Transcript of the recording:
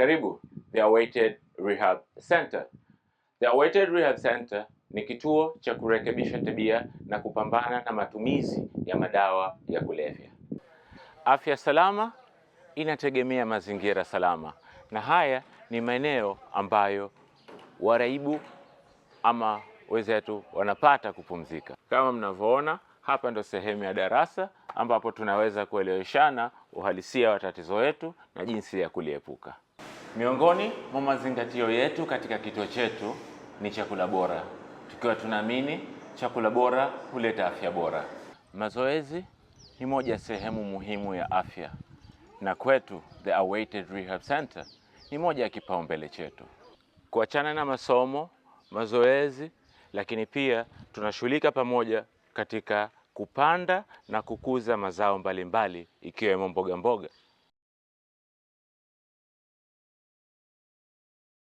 Karibu The Awaited Rehab Center. The Awaited Rehab Center ni kituo cha kurekebisha tabia na kupambana na matumizi ya madawa ya kulevya. Afya salama inategemea mazingira salama, na haya ni maeneo ambayo waraibu ama wenzetu wanapata kupumzika. Kama mnavyoona, hapa ndo sehemu ya darasa ambapo tunaweza kueleweshana uhalisia wa tatizo wetu na jinsi ya kuliepuka. Miongoni mwa mazingatio yetu katika kituo chetu ni chakula bora, tukiwa tunaamini chakula bora huleta afya bora. Mazoezi ni moja sehemu muhimu ya afya, na kwetu The Awaited Rehab Center ni moja ya kipaumbele chetu. Kuachana na masomo, mazoezi, lakini pia tunashughulika pamoja katika kupanda na kukuza mazao mbalimbali ikiwemo mboga mboga.